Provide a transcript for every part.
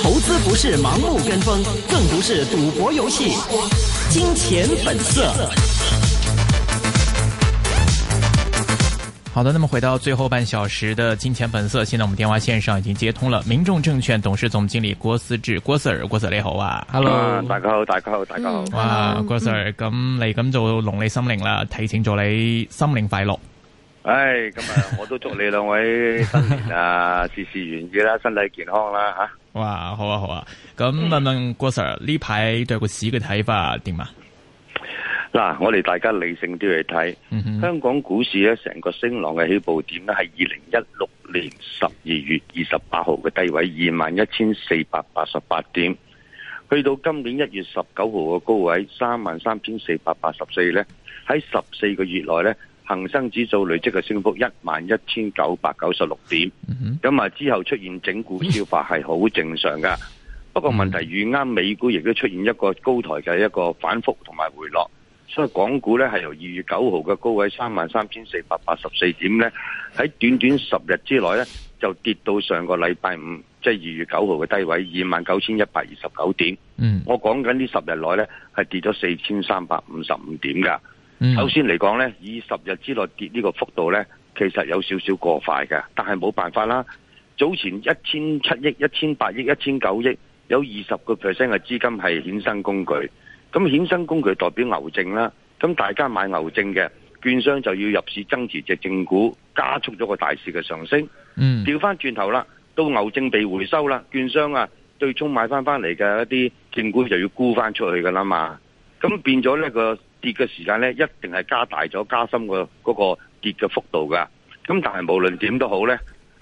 投資不是盲目跟風，更不是賭博遊戲。金錢本色。好的，那麼回到最後半小時的金錢本色，現在我們電話線上已經接通了。民眾證券董事總經理郭思治，郭 Sir，郭 Sir 你好啊。Hello，um, 大家好，大家好，大家好。哇，um, 郭 Sir 咁你咁就龍年新年啦，Panther, 提前祝你新年快樂。唉，今日我都祝你兩 位新年啊，事事如意啦，身體健康啦吓！哇，好啊，好啊，咁問問、嗯、郭 Sir，呢排對個市嘅睇法點啊？嗱，我哋大家理性啲去睇，嗯、哼香港股市咧成個升浪嘅起步點咧係二零一六年十二月二十八號嘅低位二萬一千四百八十八點，去到今年一月十九號嘅高位三萬三千四百八十四咧，喺十四個月內咧。恒生指數累積嘅升幅一萬一千九百九十六點，咁啊、mm hmm. 之後出現整固消化係好正常噶不過問題遇啱美股亦都出現一個高台嘅一個反覆同埋回落，所以港股咧係由二月九號嘅高位三萬三千四百八十四點咧，喺短短十日之內咧就跌到上個禮拜五即係二月九號嘅低位二萬九千一百二十九點。嗯，我講緊呢十日內咧係跌咗四千三百五十五點噶嗯、首先嚟講呢，以十日之內跌呢個幅度呢，其實有少少過快嘅，但係冇辦法啦。早前一千七億、一千八億、一千九億有20，有二十個 percent 嘅資金係衍生工具，咁衍生工具代表牛證啦。咁大家買牛證嘅，券商，就要入市增持隻正股，加速咗個大市嘅上升。嗯，調翻轉頭啦，到牛證被回收啦，券商啊對沖買翻翻嚟嘅一啲正股就要沽翻出去噶啦嘛，咁變咗呢個。跌嘅時間咧，一定係加大咗加深個嗰個跌嘅幅度㗎。咁但係無論點都好咧，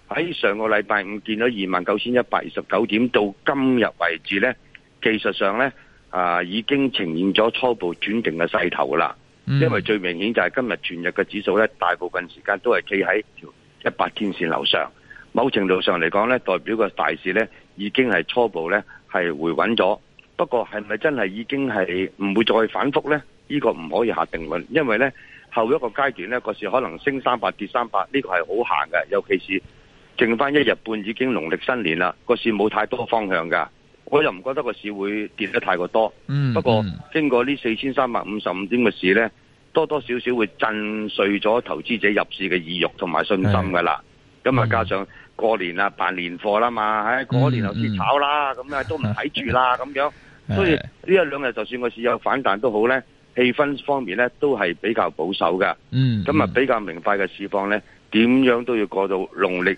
喺上個禮拜五見到二萬九千一百二十九點，到今日為止咧，技術上咧啊已經呈現咗初步轉勁嘅勢頭啦。因為最明顯就係今日全日嘅指數咧，大部分時間都係企喺條一百天線樓上，某程度上嚟講咧，代表個大市咧已經係初步咧係回穩咗。不過係咪真係已經係唔會再反覆咧？呢個唔可以下定論，因為呢，後一個階段呢個市可能升三百跌三百，呢個係好行嘅。尤其是剩翻一日半已經農曆新年啦，個市冇太多方向噶。我又唔覺得個市會跌得太過多。嗯。不過經過呢四千三百五十五點嘅市呢，多多少少會震碎咗投資者入市嘅意欲同埋信心噶啦。咁啊是，加上過年啊辦年貨啦嘛，喺、嗯哎、過年又跌炒啦，咁啊、嗯、都唔睇住啦，咁樣。是所以呢一兩日就算個市有反彈都好呢。氣氛方面呢，都係比較保守㗎。嗯，咁啊比較明快嘅市況呢，點樣都要過到農曆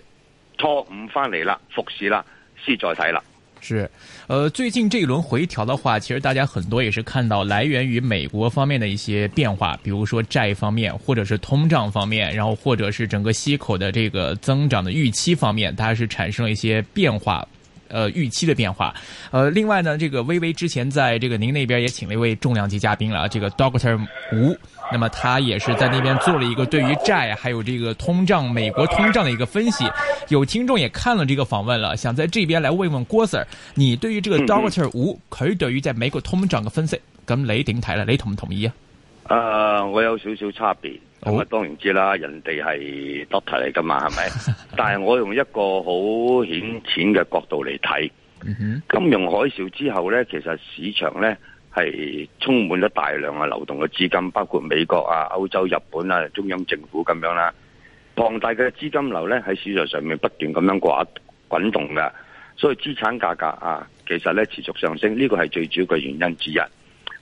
初五翻嚟啦，復市啦，先再睇啦。是，呃，最近這一輪回調的話，其實大家很多也是看到來源於美國方面的一些變化，比如說債方面，或者是通脹方面，然後或者是整個息口的這個增長的預期方面，大家是產生了一些變化。呃，預期的變化。呃，另外呢，這個微微之前在這個您那邊也請了一位重量級嘉賓了，啊，這個 Doctor 吳，那麼他也是在那邊做了一個對於債還有這個通脹美國通脹的一個分析。有聽眾也看了這個訪問了，想在這邊來問問郭 Sir，你對於這個 Doctor 吳佢對於在美國通脹的分析，咁你點睇咧？你同唔同意啊？呃、uh，我有少少差別。咁啊，當然知啦，人哋係 doctor 嚟噶嘛，係咪？ 但係我用一個好顯淺嘅角度嚟睇，金融海嘯之後呢，其實市場呢係充滿咗大量嘅流動嘅資金，包括美國啊、歐洲、日本啊、中央政府咁樣啦，龐大嘅資金流呢喺市場上面不斷咁樣掛滾動噶，所以資產價格啊，其實呢持續上升，呢個係最主要嘅原因之一。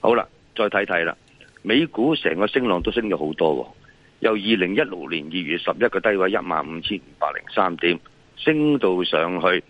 好啦，再睇睇啦，美股成個升浪都升咗好多啊。由二零一六年二月十一個低位一萬五千五百零三點，升到上去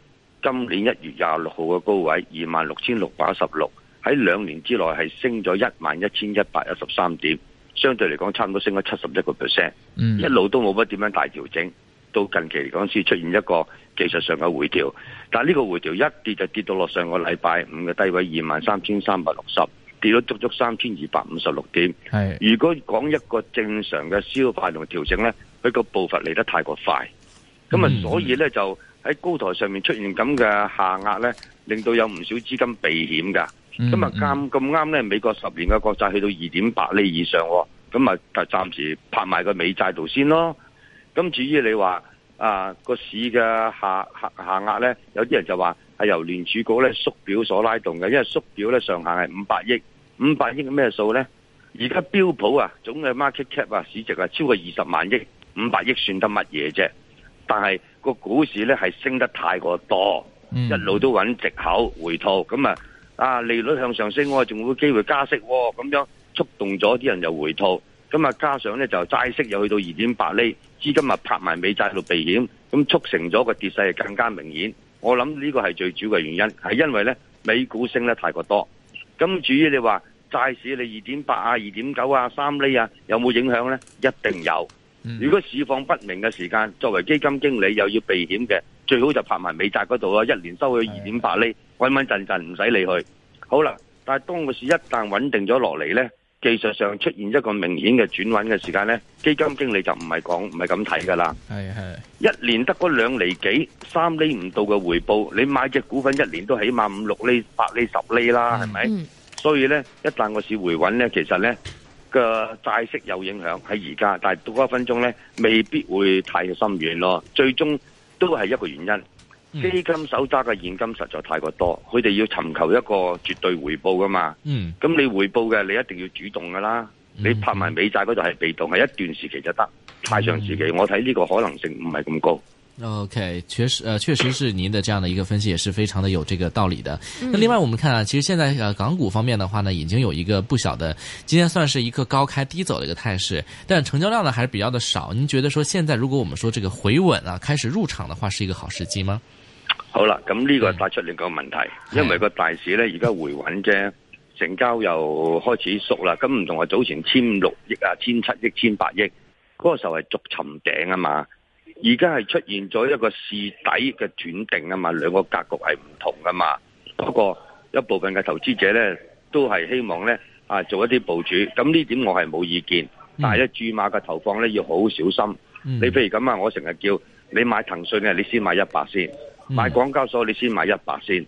今年一月廿六號嘅高位二萬六千六百一十六，喺兩年之內係升咗一萬一千一百一十三點，相對嚟講差唔多升咗七十一個 percent，一路都冇乜點樣大調整，到近期嚟講先出現一個技術上嘅回調，但係呢個回調一跌就跌到落上個禮拜五嘅低位二萬三千三百六十。跌咗足足三千二百五十六點。係，如果講一個正常嘅消化同調整咧，佢個步伐嚟得太過快，咁啊，所以咧就喺高台上面出現咁嘅下壓咧，令到有唔少資金避險㗎。咁啊，咁咁啱咧，美國十年嘅國債去到二點八厘以上，咁啊，就暫時拍埋個美債度先咯。咁至於你話啊個市嘅下下下壓咧，有啲人就話係由聯儲局咧縮表所拉動嘅，因為縮表咧上限係五百億。五百億咩數呢？而家標普啊，總嘅 market cap 啊，市值啊，超過二十萬億，五百億算得乜嘢啫？但係個股市咧係升得太過多，嗯、一路都搵借口回吐，咁啊啊利率向上升，我仲會機會加息、哦，咁樣觸動咗啲人又回吐，咁啊加上咧就債息又去到二點八厘，資金啊拍埋美債度避險，咁促成咗個跌勢係更加明顯。我諗呢個係最主要嘅原因，係因為咧美股升得太過多。咁至於你話債市你二點八啊、二點九啊、三厘啊，有冇影響呢？一定有。如果市況不明嘅時間，作為基金經理又要避險嘅，最好就拍埋美債嗰度啊，一年收佢二點八厘，穩穩陣陣唔使你去。好啦，但係當個市一旦穩定咗落嚟呢。技術上出現一個明顯嘅轉穩嘅時間呢，基金經理就唔係講唔係咁睇噶啦。係係，是是是，一年得嗰兩厘幾、三厘唔到嘅回報，你買隻股份一年都起碼五六厘、八厘、十厘啦，係咪？所以呢，一旦個市回穩呢，其實呢個債息有影響喺而家，但係到嗰一分鐘呢，未必會太深遠咯。最終都係一個原因。基金手揸嘅現金實在太過多，佢哋要尋求一個絕對回報㗎嘛？咁、嗯、你回報嘅，你一定要主動㗎啦。你拍埋美債嗰度係被動，係一段時期就得，嗯、太長時期我睇呢個可能性唔係咁高。OK，確實，呃，確實是您的這樣的，一個分析也是非常的有這個道理的。那另外，我們看啊，其實現在、呃、港股方面嘅話呢，已經有一個不小的，今天算是一個高開低走嘅一個態勢，但成交量呢，還是比較的少。您覺得說，現在如果我們說這個回穩啊，開始入場的話，是一個好時機嗎？好啦，咁、這、呢個帶出另一個問題，的因為個大市咧而家回穩啫，成交又開始縮啦。咁唔同話早前千六億啊、千七億、千八億，嗰個時候係逐尋頂啊嘛，而家係出現咗一個試底嘅短定啊嘛，兩個格局係唔同噶嘛。不過一部分嘅投資者咧都係希望咧啊做一啲部署，咁呢點我係冇意見。嗯、但係一注碼嘅投放咧要好好小心。嗯、你譬如咁啊，我成日叫你買騰訊嘅，你先買一百先。買廣交所你先買一百先，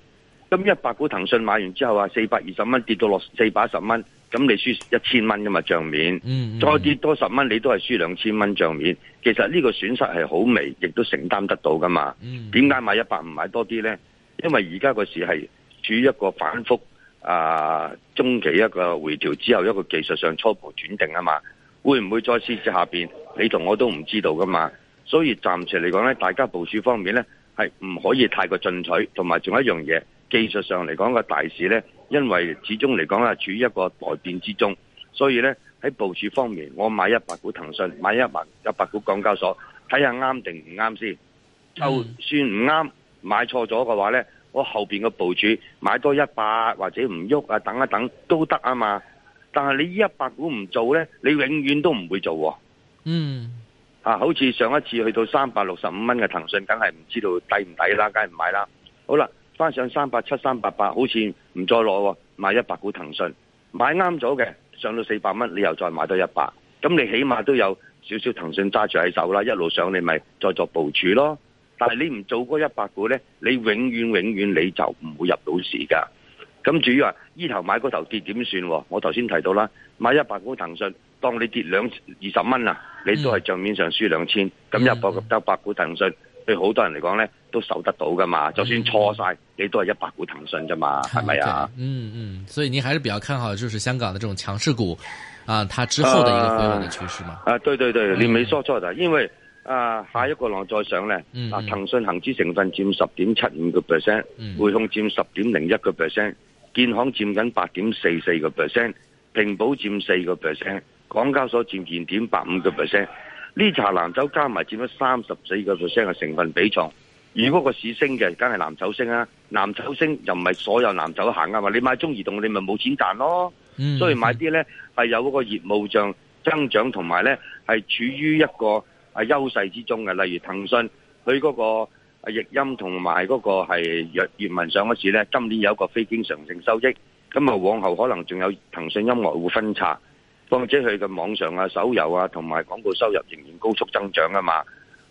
咁一百股騰訊買完之後啊，四百二十蚊跌到落四百一十蚊，咁你輸一千蚊噶嘛，賬面，嗯嗯嗯，再跌多十蚊你都係輸兩千蚊賬面。其實呢個損失係好微，微，亦都承擔得到噶嘛。點解買一百唔買多啲呢？因為而家個市係處於一個反復啊，中期一個回調之後一個技術上初步轉定啊嘛，會唔會再試下邊？你同我都唔知道噶嘛。所以暫時嚟講呢，大家部署方面呢。係唔可以太過進取，同埋仲有一樣嘢，技術上嚟講，個大市呢，因為始終嚟講係處於一個待變之中，所以呢，喺部署方面，我買一百股騰訊，買一百一百股港交所，睇下啱定唔啱先。就、嗯、算唔啱，買錯咗嘅話呢，我後面嘅部署，買多一百或者唔喐啊，等一等都得啊嘛。但係你呢一百股唔做呢，你永遠都唔會做、啊。嗯。啊！好似上一次去到三百六十五蚊嘅騰訊，梗係唔知道抵唔抵啦，梗係唔買啦。好啦，翻上三百七、三百八，好似唔再攞喎。買一百股騰訊，買啱咗嘅，上到四百蚊，你又再買多一百，咁你起碼都有少少騰訊揸住喺手啦。一路上你咪再作部署咯。但係你唔做嗰一百股呢，你永遠永遠你就唔會入到市噶。咁至於話，呢頭買嗰頭跌點算喎。我頭先提到啦，買一百股騰訊。當你跌兩二十蚊啊，你都係帳面上輸兩千。咁一百一百股騰訊，嗯、對好多人嚟講咧，都受得到噶嘛。嗯、就算錯晒，你都係一百股騰訊啫嘛，係咪？嗯、啊？嗯嗯，所以你還是比較看好就是香港的這種強勢股啊，它之後的一個回穩嘅趨勢嘛啊。啊，對對對，你冇說錯就係因為啊，下一個浪再上咧。嗯、啊，騰訊恒指成分佔十點七五個 percent，匯控佔十點零一個 percent，建行佔緊八點四四個 percent，平保佔四個 percent。港交所佔二點八五個 percent，呢茶藍籌加埋佔咗三十四個 percent 嘅成分比重。如果個市升嘅，梗係藍籌升啦。藍籌升又唔係所有藍籌行噶嘛。你買中移動你、嗯，你咪冇錢賺咯。所以買啲咧係有嗰個業務上增長同埋咧係處於一個啊優勢之中嘅，例如騰訊，佢嗰個啊譯音同埋嗰個係閱文上市嗰時咧，今年有一個非經常性收益，咁啊往後可能仲有騰訊音樂會分拆。或者佢嘅網上啊、手遊啊同埋廣告收入仍然高速增長啊嘛，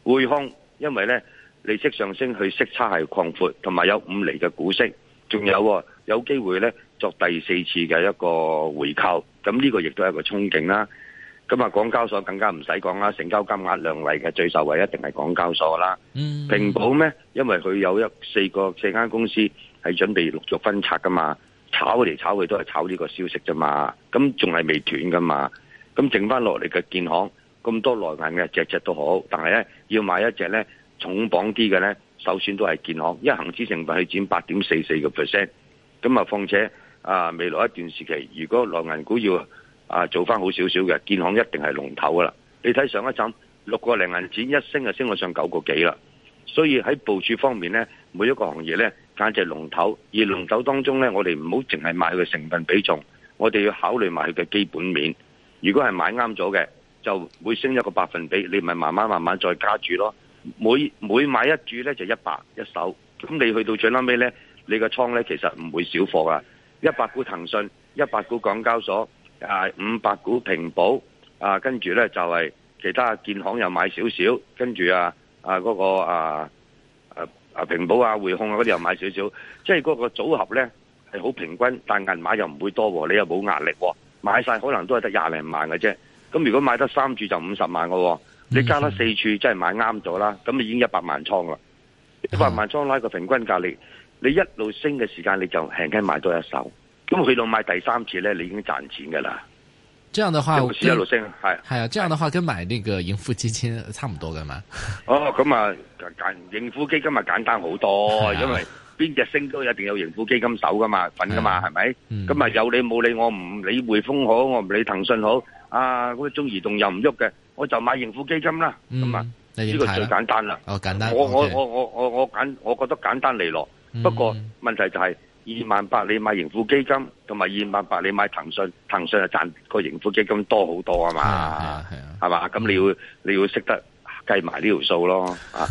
匯控因為咧利息上升，佢息差係擴闊，同埋有五厘嘅股息，仲有有機會咧作第四次嘅一個回購，咁呢個亦都係一個憧憬啦。咁啊，港交所更加唔使講啦，成交金額量嚟嘅最受惠一定係港交所啦。嗯，嗯平保咩？因為佢有一四個四間公司係準備陸續分拆噶嘛。炒嚟炒去都係炒呢個消息啫嘛，咁仲係未斷噶嘛，咁剩翻落嚟嘅建行咁多內銀嘅隻隻都好，但係咧要買一隻咧重磅啲嘅咧，首先都係建行，一行指成分去佔八點四四個 percent，咁啊，況且啊未來一段時期，如果內銀股要啊做翻好少少嘅，建行一定係龍頭噶啦。你睇上一陣六個零銀紙一升就升到上九個幾啦，所以喺部署方面咧。每一個行業呢，簡直係龍頭。而龍頭當中呢，我哋唔好淨係買佢成分比重，我哋要考慮埋佢嘅基本面。如果係買啱咗嘅，就會升一個百分比。你咪慢慢慢慢再加注咯。每每買一注呢就一百一手，咁你去到最後尾呢，你個倉呢其實唔會少貨啊！一百股騰訊，一百股港交所，啊五百股平保，啊跟住呢，就係其他建行又買少少，跟住啊啊嗰個啊。啊，平保啊，匯控啊，嗰啲又買少少，即係嗰個組合咧係好平均，但銀碼又唔會多喎，你又冇壓力喎，買晒可能都係得廿零萬嘅啫。咁如果買得三注就五十萬嘅喎，你加得四注真係買啱咗啦。咁你已經一百萬倉啦，一百萬倉拉個平均價，你你一路升嘅時間你就輕輕買多一手，咁去到買第三次咧，你已經賺錢噶啦。這樣的話一路升係係啊，樣嘅話跟買呢個盈富基金差唔多噶嘛。哦，咁啊簡盈富基金咪簡單好多，啊、因為邊隻升都一定有盈富基金手噶嘛，份噶嘛，係咪、啊？咁啊、嗯嗯、有理冇理，我唔理匯豐好，我唔理騰訊好，啊啲中移動又唔喐嘅，我就買盈富基金啦。咁、嗯、啊呢個最簡單啦，我、哦、簡單。我我我我我我簡我覺得簡單利落，嗯、不過問題就係、是。二萬八你買盈富基金同埋二萬八你買騰訊，騰訊啊賺個盈富基金多好多啊嘛，係啊係啊，係啊嘛？係吧？啊，咁你要，嗯，你要識得計埋呢條數咯。啊，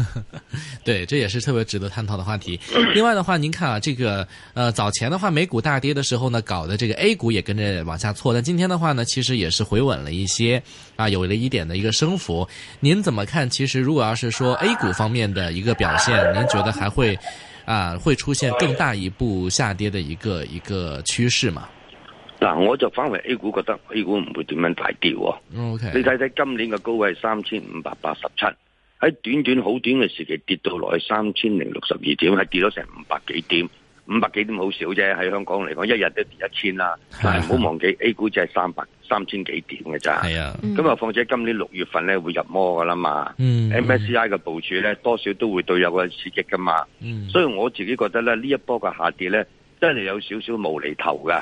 對，這也是特別值得探討的話題。另外的話，您看啊，這個呃早前的話，美股大跌的時候呢，搞的這個 A 股也跟着往下挫。但今天的話呢，其實也是回穩了一些啊，有了一點的一個升幅。您怎麼看？其實如果要是說 A 股方面的一個表現，您覺得還會？啊，會出現更大一步下跌的一個一個趨勢嘛？嗱，我就返回 A 股覺得 A 股唔會點樣大跌喎、啊。Okay. 你睇睇今年嘅高位三千五百八十七，喺短短好短嘅時期跌到落去三千零六十二點，係跌咗成五百幾點。五百幾點好少啫，喺香港嚟講，一日都跌一千啦。啊、但係唔好忘記 A 股只係三百三千幾點嘅咋。係啊，咁啊，況且今年六月份咧會入魔噶啦嘛。MSCI 嘅部署咧，多少都會對有個刺激噶嘛。嗯，所以我自己覺得咧，呢一波嘅下跌咧，真係有少少無厘頭噶。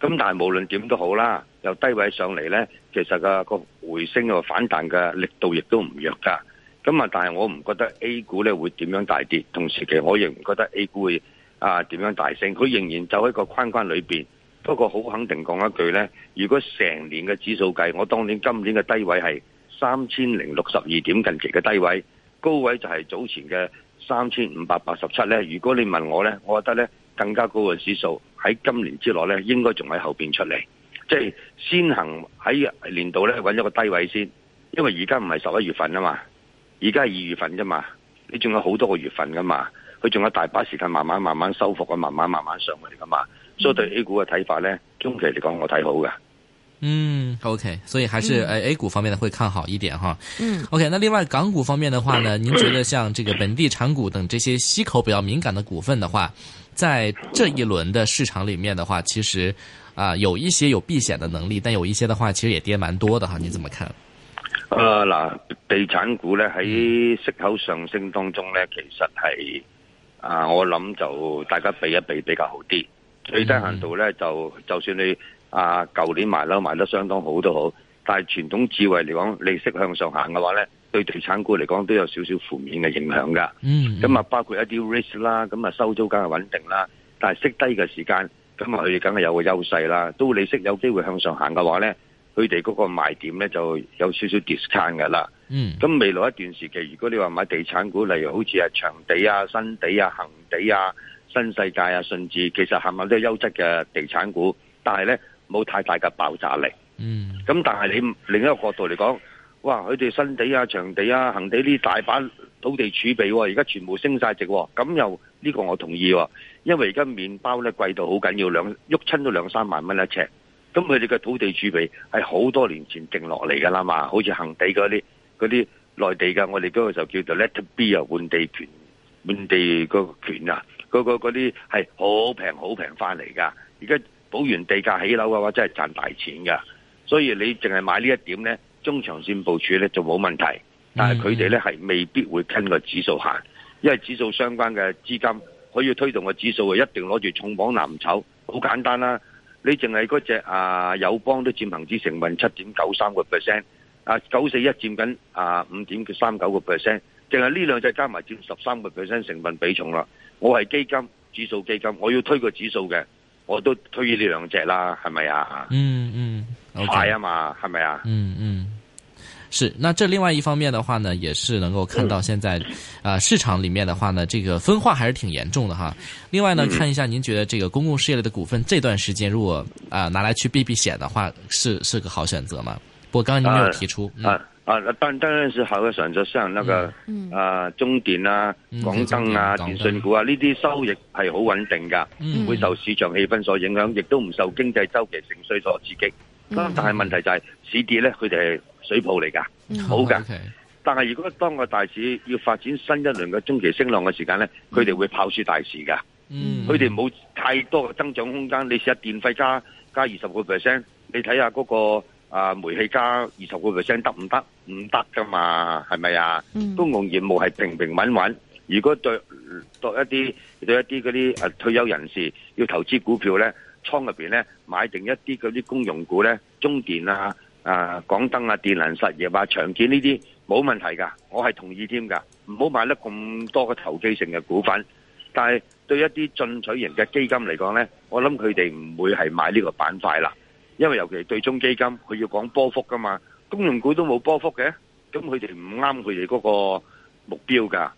咁但係無論點都好啦，由低位上嚟咧，其實個、啊、回升啊反彈嘅力度亦都唔弱噶。咁啊，但係我唔覺得 A 股咧會點樣大跌，同時期我亦唔覺得 A 股會。啊，點樣大升？佢仍然就喺個框框裏邊。不過好肯定講一句呢，如果成年嘅指數計，我當年今年嘅低位係三千零六十二點，近期嘅低位、高位就係早前嘅三千五百八十七呢，如果你問我呢，我覺得呢更加高嘅指數喺今年之內呢應該仲喺後邊出嚟。即係先行喺年度呢揾咗個低位先，因為而家唔係十一月份啊嘛，而家係二月份啫嘛，你仲有好多個月份噶嘛。佢仲有大把時間，慢慢慢慢修復，佢慢慢慢慢上嚟㗎嘛。所以對 A 股嘅睇法呢，中期嚟講我睇好㗎。嗯，OK，所以還是誒 A 股方面咧會看好一點哈。嗯，OK，那另外港股方面的話呢？嗯、您覺得像這個本地產股等這些息口比較敏感的股份的話，在這一輪的市場裏面的話，其實啊有一些有避險的能力，但有一些的話其實也跌蠻多的哈？你怎麼看？啊嗱，地產股呢，喺息口上升當中呢，其實係。啊，我諗就大家避一避比，比較好啲。最低限度咧，就就算你啊，舊年賣樓賣得相當好都好。但係傳統智慧嚟講，利息向上行嘅話咧，對地產股嚟講都有少少負面嘅影響噶。咁啊、嗯嗯嗯，包括一啲 risk 啦，咁啊收租梗係穩定啦。但係息低嘅時間，咁啊佢梗係有個優勢啦。都利息有機會向上行嘅話咧。佢哋嗰個賣點咧就有少少 discount 噶啦。嗯，咁未來一段時期，如果你話買地產股，例如好似係長地啊、新地啊、恒地啊、新世界啊、順治，其實係咪都係優質嘅地產股？但係咧冇太大嘅爆炸力。嗯、mm.，咁但係你另一個角度嚟講，哇！佢哋新地啊、長地啊、恒地呢大把土地儲備，啊，而家全部升晒值、啊。咁又呢、呢個我同意喎、啊，因為而家麵包咧貴到好緊要，兩鬱親都兩三萬蚊一尺。咁佢哋嘅土地儲備係好多年前定落嚟㗎啦嘛，好似恒地嗰啲嗰啲內地嘅，我哋嗰個就叫做 Let it be 啊，換地權換地、個權啊，嗰個嗰啲係好平好平翻嚟㗎。而家補完地價起樓嘅話，真係賺大錢㗎。所以你淨係買呢一點咧，中長線部署咧就冇問題。但係佢哋咧係未必會跟個指數行，因為指數相關嘅資金可以推動個指數嘅，一定攞住重磅藍籌，好簡單啦、啊。你淨係嗰隻隻啊友邦都佔恒指成分七點九三個 percent，啊九四一佔緊啊五點三九個 percent，淨係呢兩隻加埋佔十三個 percent 成分比重啦。我係基金指數基金，我要推個指數嘅，我都推呢兩隻啦，係咪啊？嗯嗯、mm，快啊嘛，係咪啊？嗯嗯、mm。Hmm. 是，那這另外一方面的話呢，也是能夠看到現在，啊、呃、市場裏面的話呢，這個分化還是挺嚴重的哈。另外呢，看一下，您覺得這個公共事業類的股份這段時間如果啊、呃、拿來去避避險的話，是是個好選擇嗎？不過剛剛您沒有提出。啊，當當然係好似好似上咗上那個呃、嗯啊、中電啊、嗯、港燈啊、燈啊電訊股啊呢啲收益係好穩定㗎唔、嗯、會受市場氣氛所影響，亦都唔受經濟周期盛衰所刺激。嗯、但是問題就係、是、市跌呢，佢哋。水泡嚟噶，好噶，Okay. 但係如果當個大市要發展新一輪嘅中期升浪嘅時間咧，佢哋、嗯、會跑輸大市噶，佢哋冇太多嘅增長空間。你試下電費加加二十個 percent，你睇下嗰個啊煤氣加二十個 percent 得唔得？唔得噶嘛，係咪啊？嗯、公共業務係平平穩穩。如果對對一啲對一啲嗰啲啊退休人士要投資股票咧，倉入邊咧買定一啲嗰啲公用股咧，中電啊。啊，港燈啊，電能實業、啊、長建呢啲冇問題噶，我係同意添噶，唔好買得咁多嘅投機性嘅股份。但係對一啲進取型嘅基金嚟講呢，我諗佢哋唔會係買呢個板塊啦，因為尤其對沖基金，佢要講波幅噶嘛，公用股都冇波幅嘅，咁佢哋唔啱佢哋嗰個目標噶。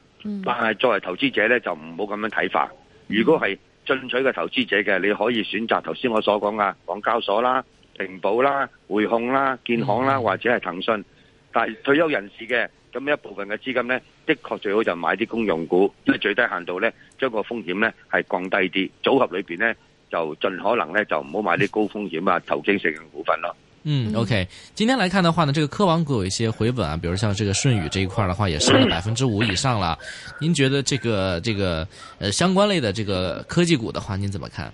但係作為投資者呢，就唔好咁樣睇法。如果係進取嘅投資者嘅，你可以選擇頭先我所講㗎，港交所啦。平保啦、匯控啦、建行啦，或者係騰訊。但係退休人士嘅咁一部分嘅資金呢，的確最好就買啲公用股，因為最低限度呢，將個風險呢係降低啲。組合裏邊呢，就盡可能呢，就唔好買啲高風險啊、投機性嘅股份咯。嗯，OK，今天來看的話呢，這個科網股有一些回本啊，比如像這個舜宇這一塊的話也升了5，也升是百分之五以上啦。您覺得這個這個，呃，相關類的這個科技股的話，您怎麼看？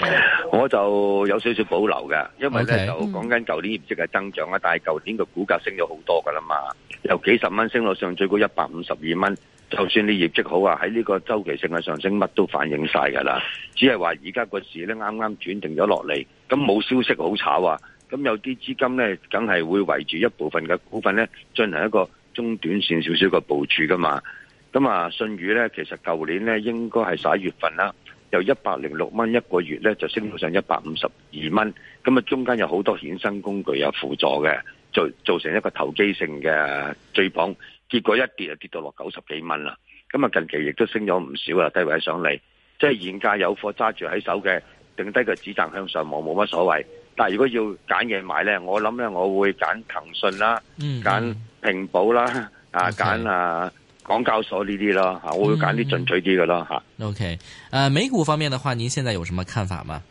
Yeah. 我就有少少保留嘅，因為咧就講緊舊年業績係增長啦，Okay. 但係舊年個股價升咗好多噶啦嘛，由幾十蚊升到上最高一百五十二蚊。就算你業績好啊，喺呢個周期性嘅上升，乜都反映晒噶啦。只係話而家個市咧啱啱轉定咗落嚟，咁冇消息好炒啊，咁有啲資金咧，梗係會圍住一部分嘅股份咧，進行一個中短線少少嘅部署噶嘛。咁啊，信宇咧，其實舊年咧應該係十一月份啦。由一百零六蚊一個月咧，就升到上一百五十二蚊。咁啊，中間有好多衍生工具有輔助嘅，就做成一個投機性嘅追捧。結果一跌就跌到落九十幾蚊啦。咁啊，近期亦都升咗唔少啊，低位上嚟。即係現價有貨揸住喺手嘅，頂低個指贊向上望，冇乜所謂。但係如果要揀嘢買咧，我諗咧，我會揀騰訊啦，揀平、嗯嗯、保啦，Okay. 啊，揀啊。港交所呢啲囉，吓，我會揀啲進取啲嘅囉。吓、嗯。OK，誒、啊，美股方面嘅話，您現在有什麼看法嗎？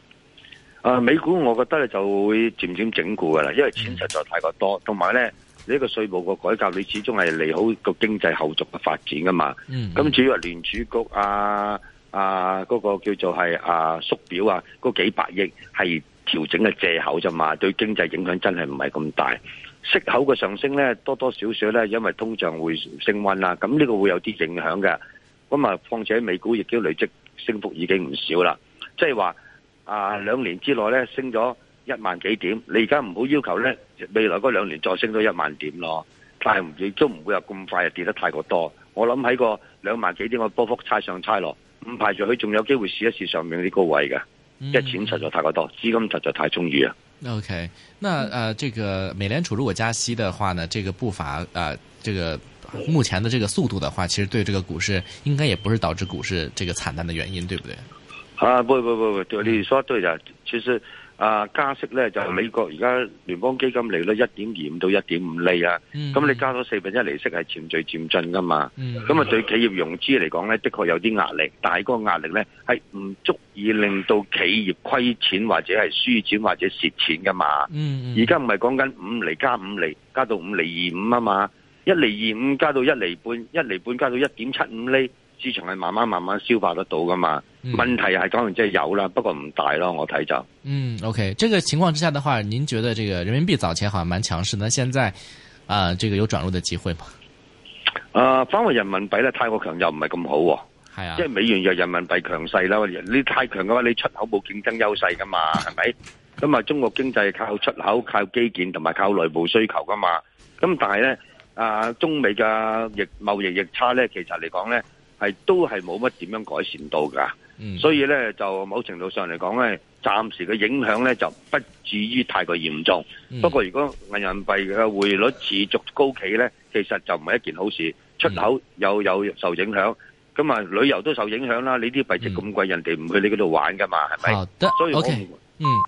誒、啊，美股我覺得咧就會漸漸整固噶啦，因為錢實在太過多，同埋咧呢、這個稅務個改革，你始終係利好個經濟後續嘅發展噶嘛。咁、嗯嗯、主要係聯儲局啊啊嗰、那個叫做係啊縮表啊，嗰幾百億係。調整嘅借口就嘛，對經濟影響真係唔係咁大。息口嘅上升咧，多多少少咧，因為通脹會升溫啦，咁呢個會有啲影響嘅。咁啊，況且美股亦都累積升幅已經唔少啦。即係話啊，兩年之內咧升咗一萬幾點，你而家唔好要求咧未來嗰兩年再升到一萬點咯。但係唔，亦都唔會話咁快又跌得太過多。我諗喺個兩萬幾點，我波幅差上差落，唔排除佢仲有機會試一試上面呢啲高位嘅。即係錢實在太過多，資金實在太充裕啊。Okay，那呃這個美聯儲如果加息的話呢，這個步伐啊、呃，這個目前的這個速度的話，其實對這個股市應該也不是導致股市這個慘淡的原因，對不對？啊，不不不不對，你說對嘅，其實。啊，加息咧就美國而家聯邦基金利率一點二五到一點五厘啊，咁、嗯、你加咗四分一厘息係循序漸進㗎嘛，咁啊、嗯、對企業融資嚟講咧，的確有啲壓力，但係嗰個壓力咧係唔足以令到企業虧錢或者係輸錢或者蝕錢㗎嘛。而家唔係講緊五厘加五厘，加到五厘二五啊嘛，一厘二五加到一厘半，一厘半加到一點七五厘。市場係慢慢慢慢消化得到噶嘛？嗯、問題係當然即係有啦，不過唔大咯，我睇就。嗯，OK，呢個情況之下的話，您覺得這個人民幣早前好像蠻強勢，那現在啊、呃，這個有轉弱的機會嗎？啊、呃，反而人民幣咧太過強又唔係咁好，係啊，是啊，即係美元弱，人民幣強勢啦，你太強嘅話，你出口冇競爭優勢噶嘛，係咪？咁啊，中國經濟靠出口、靠基建同埋靠內部需求噶嘛，咁但係咧啊，中美嘅逆貿易逆差咧，其實嚟講咧。係都係冇乜點樣改善到噶，嗯、所以咧就某程度上嚟講咧，暫時嘅影響咧就不至於太過嚴重。嗯、不過如果銀人民幣嘅匯率持續高企咧，其實就唔係一件好事。出口又有受影響，咁啊、嗯、旅遊都受影響啦。你啲幣值咁貴，嗯、人哋唔去你嗰度玩噶嘛，係咪、嗯？吧所以我嗯。Okay